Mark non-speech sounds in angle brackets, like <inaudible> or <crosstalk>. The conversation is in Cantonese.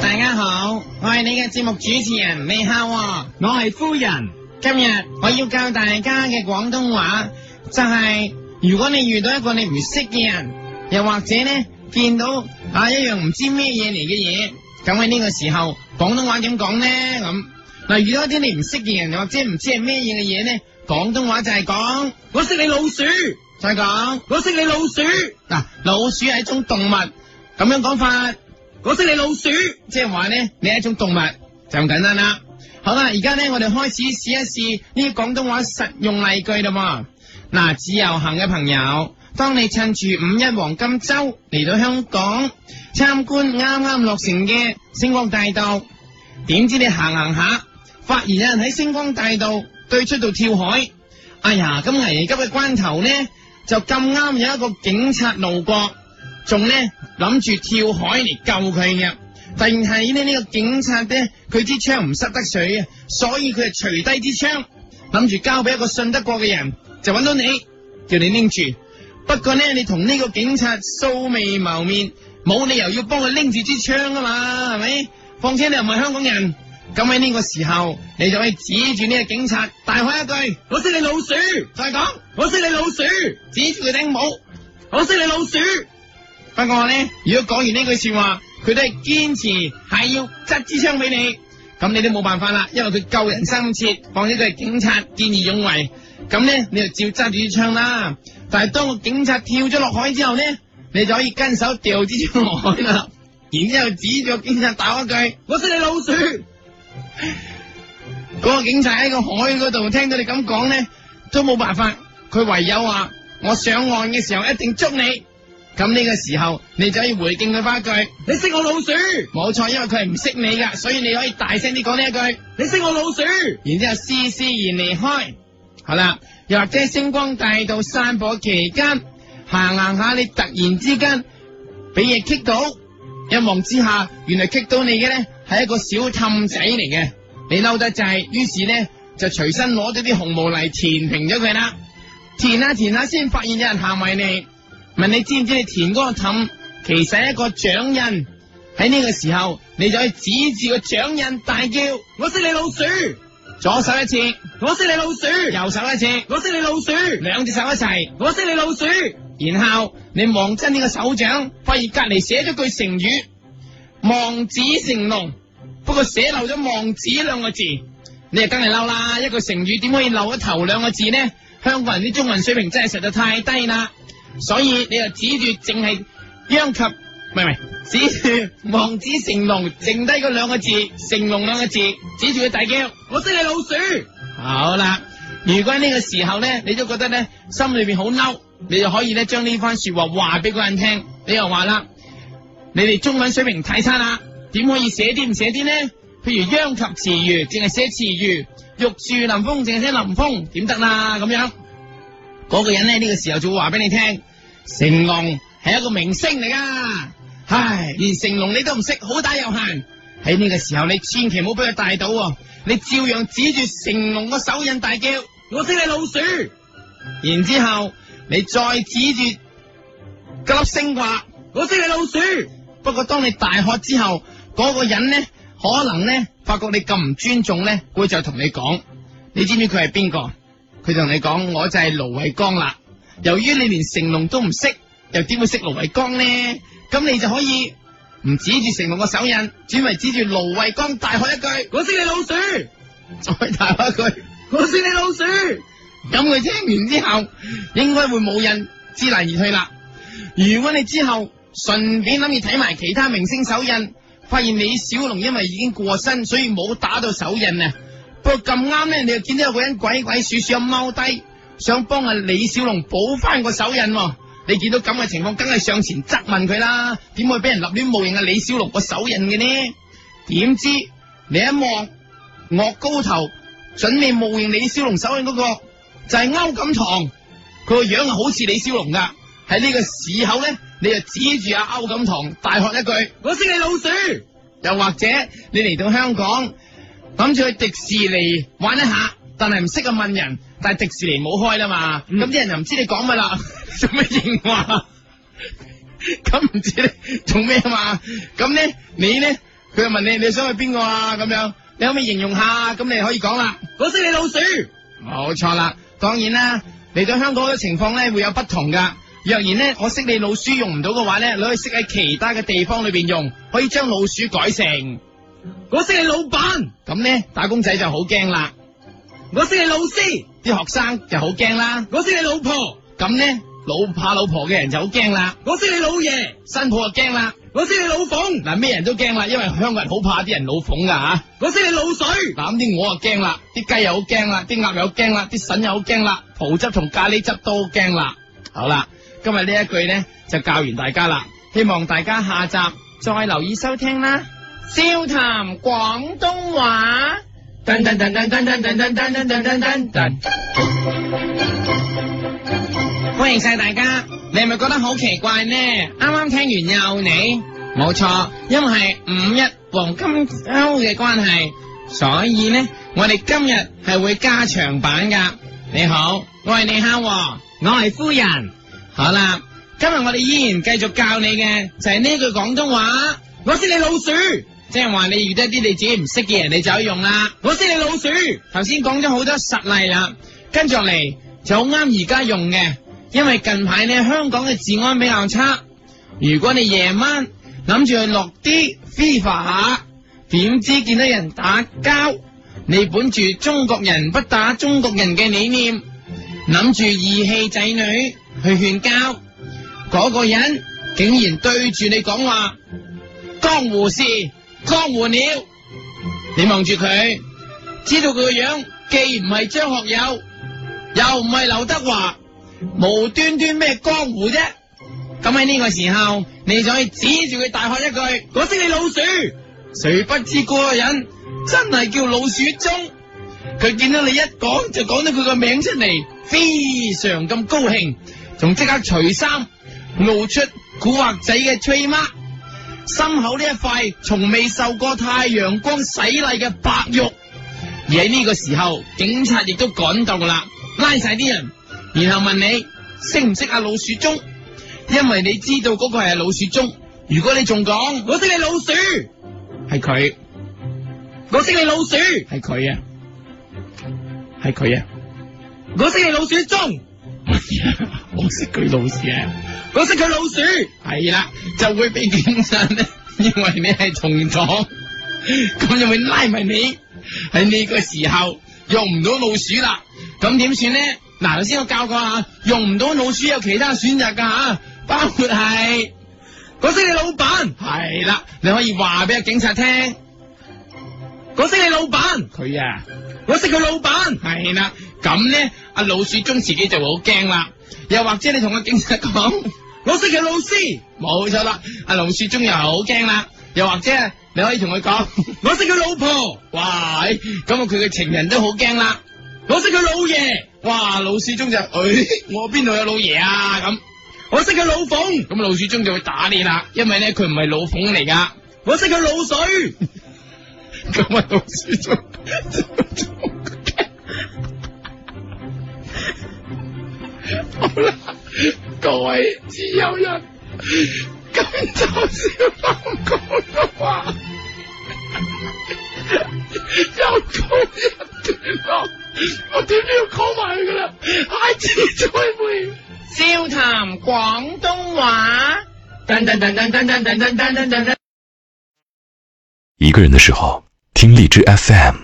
大家好，我係你嘅節目主持人，李孝、啊，我係夫人。今日我要教大家嘅廣東話，就係、是、如果你遇到一個你唔識嘅人，又或者呢見到啊一樣唔知咩嘢嚟嘅嘢，咁喺呢個時候廣東話點講呢？咁。嗱，遇到一啲你唔識嘅人，又或者唔知係咩嘢嘅嘢呢，廣東話就係講我識你老鼠，就再講說我識你老鼠。嗱、啊，老鼠係一種動物，咁樣講法。我識你老鼠，即係話呢，你係一種動物，就咁簡單啦。好啦，而家呢，我哋開始試一試呢啲廣東話實用例句啦。嗱，自由行嘅朋友，當你趁住五一黃金周嚟到香港參觀啱啱落成嘅星光大道，點知你行行下，發現有人喺星光大道對出度跳海。哎呀，咁危急嘅關頭呢，就咁啱有一個警察路過，仲呢。諗住跳海嚟救佢嘅，定係咧呢、呢個警察咧，佢支槍唔塞得水啊，所以佢係除低支槍，諗住交俾一個信得過嘅人就揾到你，叫你拎住。不過咧，你同呢個警察素未謀面，冇理由要幫佢拎住支槍啊嘛，係咪？況且你又唔係香港人，咁喺呢個時候，你就可以指住呢個警察大喊一句：嗯、我識你老鼠！就再講，我識你老鼠！指住佢頂帽，我識你老鼠！不過咧，如果講完呢句說話，佢都係堅持係要執支槍俾你，咁你都冇辦法啦，因為佢救人心切，況且佢係警察見義勇為，咁咧你就照揸住支槍啦。但係當個警察跳咗落海之後咧，你就可以跟手掉支槍落海啦，然之後指住警察打一句： <laughs> 我識你老鼠。嗰 <laughs> 個警察喺個海嗰度聽到你咁講咧，都冇辦法，佢唯有話：我上岸嘅時候一定捉你。咁呢個時候，你就可以回敬佢返一句：你識我老鼠，冇錯，因為佢係唔識你㗎，所以你可以大聲啲講呢一句：你識我老鼠。然之後，施施然離開。好啦，又或者星光大道散步期間，行行下你突然之間俾嘢棘到，一望之下，原來棘到你嘅咧係一個小氹仔嚟嘅，你嬲得滯，於是呢就隨身攞咗啲紅毛泥填平咗佢啦，填下、啊、填下、啊，先、啊、發現有人行埋你。」問你知唔知你填嗰氹其實係一個掌印？喺呢個時候，你就去指住個掌印，大叫，我識你老鼠。左手一次，我識你老鼠；右手一次，我識你老鼠；兩隻手一齊，我識你老鼠。然後你望真呢個手掌，發現隔籬寫咗句成語望子成龍，不過寫漏咗望子兩個字。你就梗係嬲啦！一個成語點可以漏咗頭兩個字呢？香港人啲中文水平真係實在太低啦！所以你就指住淨係殃及，唔係唔係，指住望子成龍，剩低嗰兩個字，成龍兩個字，指住佢大叫，我識你老鼠。好啦，如果呢個時候咧，你都覺得咧心裏邊好嬲，你就可以咧將呢番說話話俾個人聽。你又話啦，你哋中文水平太差啦，點可以寫啲唔寫啲呢？譬如殃及池魚，淨係寫池魚；玉樹臨風，淨係寫林峰，點得啦咁樣？我個人咧呢、呢個時候就會話俾你聽，成龍係一個明星嚟噶，唉，連成龍你都唔識，好大又行。喺呢個時候你千祈唔好俾佢大到、哦，你照樣指住成龍個手印大叫，我識你老鼠，然之後你再指住粒星話，我識你老鼠。不過當你大喝之後，嗰、嗰個人呢，可能呢，發覺你咁唔尊重呢，會就同你講，你知唔知佢係邊個？佢同你講，我就係盧惠光啦，由於你連成龍都唔識，又點會識盧惠光呢？咁你就可以唔指住成龍個手印，轉為指住盧惠光，大喝一句：我識你老鼠！再大喝一句：我識你老鼠！咁佢聽完之後，應該會冇印，知難而退啦。如果你之後順便諗住睇埋其他明星手印，發現李小龍因為已經過身，所以冇打到手印啊。不過咁啱咧，你又見到有個人鬼鬼祟祟咁踎低，想幫阿李小龍補翻個手印，哦。你見到咁嘅情況，梗係上前質問佢啦。點會俾人立亂冒認阿李小龍個手印嘅呢？點知你一望岳高頭，準備冒認李小龍手印嗰個就係、是、歐錦棠，佢個樣好似李小龍噶。喺呢個時候咧，你就指住阿歐錦棠大喝一句： <laughs> 我識你老鼠。又或者你嚟到香港。諗住去迪士尼玩一下，但係唔識啊問人，但係迪士尼冇開啦嘛，咁啲、嗯、人就唔知你講乜啦，做咩形容？咁 <laughs> 唔知咧做咩嘛？咁咧你咧，佢又問你你想去邊個啊？咁樣你可唔可以形容下？咁你可以講啦，我識你老鼠，冇錯啦。當然啦，嚟到香港嘅情況咧會有不同噶。若然咧我識你老鼠用唔到嘅話咧，你可以識喺其他嘅地方裏邊用，可以將老鼠改成。我識你老闆，咁咧打工仔就好驚啦。我識你老師，啲學生就好驚啦。我識你老婆，咁咧老怕老婆嘅人就好驚啦。我識你老爺，新抱就驚啦。我識你老鳳，嗱咩人都驚啦，因為香港人好怕啲人老鳳噶吓。我識你老水，嗱啲鵝就驚啦，啲雞又好驚啦，啲鴨又好驚啦，啲筍又好驚啦，葡汁同咖喱汁都好驚啦。好啦，今日呢一句咧就教完大家啦，希望大家下集再留意收聽啦。笑談廣東話，噔歡迎晒大家，你係咪覺得好奇怪呢？啱啱聽完又你，冇錯，因為係五一黃金周嘅關係，所以呢，我哋今日係會加長版噶。你好，我係你客，我係夫人。好啦，今日我哋依然繼續教你嘅就係呢句廣東話，我識你老鼠。即係話你遇得啲你自己唔識嘅人，你就可以用啦。我識你老鼠，頭先講咗好多實例啦，跟住嚟就好啱而家用嘅。因為近排呢，香港嘅治安比較差。如果你夜晚諗住去落啲飛法，點知見到人打交，你本住中國人不打中國人嘅理念，諗住義氣仔女去勸交，嗰、那個人竟然對住你講話江湖事。江湖鳥，你望住佢，知道佢個樣既唔係張學友，又唔係劉德華，無端端咩江湖啫？咁喺呢個時候，你再指住佢大喝一句：我識你老鼠，誰不知個人真係叫老鼠中？佢見到你一講就講到佢個名出嚟，非常咁高興，仲即刻除衫，露出古惑仔嘅吹孖。心口呢一塊從未受過太陽光洗禮嘅白玉，而喺呢個時候，警察亦都趕到噶啦，拉晒啲人，然後問你識唔識阿老鼠鍾？因為你知道嗰個係老鼠鍾，如果你仲講我識你老鼠，係佢，我識你老鼠，係佢啊，係佢啊，我識你老鼠鍾。 <laughs> 我識佢老鼠啊！我識佢老鼠，係啦，就會俾警察咧 <laughs> 因為你係重咗，咁 <laughs> 就會拉埋你。喺呢個時候用唔到老鼠啦，咁點算咧？嗱、啊，頭先我教過啊，用唔到老鼠有其他選擇噶吓，包括係我識你老闆，係啦，你可以話俾個警察聽。我識你老闆，佢啊，我識佢老闆，係啦，咁咧，阿老鼠中自己就會好驚啦。又或者你同個警察講，我識佢老師，冇錯啦。阿老鼠中又係好驚啦。又或者你可以同佢講，我識佢老婆，哇，咁佢嘅情人都好驚啦。我識佢老爺，哇，老鼠中就，誒、哎，我邊度有老爺啊咁。我識佢老鳳，咁老鼠中就會打你啦，因為咧佢唔係老鳳嚟噶。我識佢老水。咁啊讀書就就就好啦，各位自由人，咁就笑談廣東話，又講一句，我我點都要講埋噶啦，下次再會，笑談廣東話。 <laughs> 一個人的時候。聽荔枝 FM。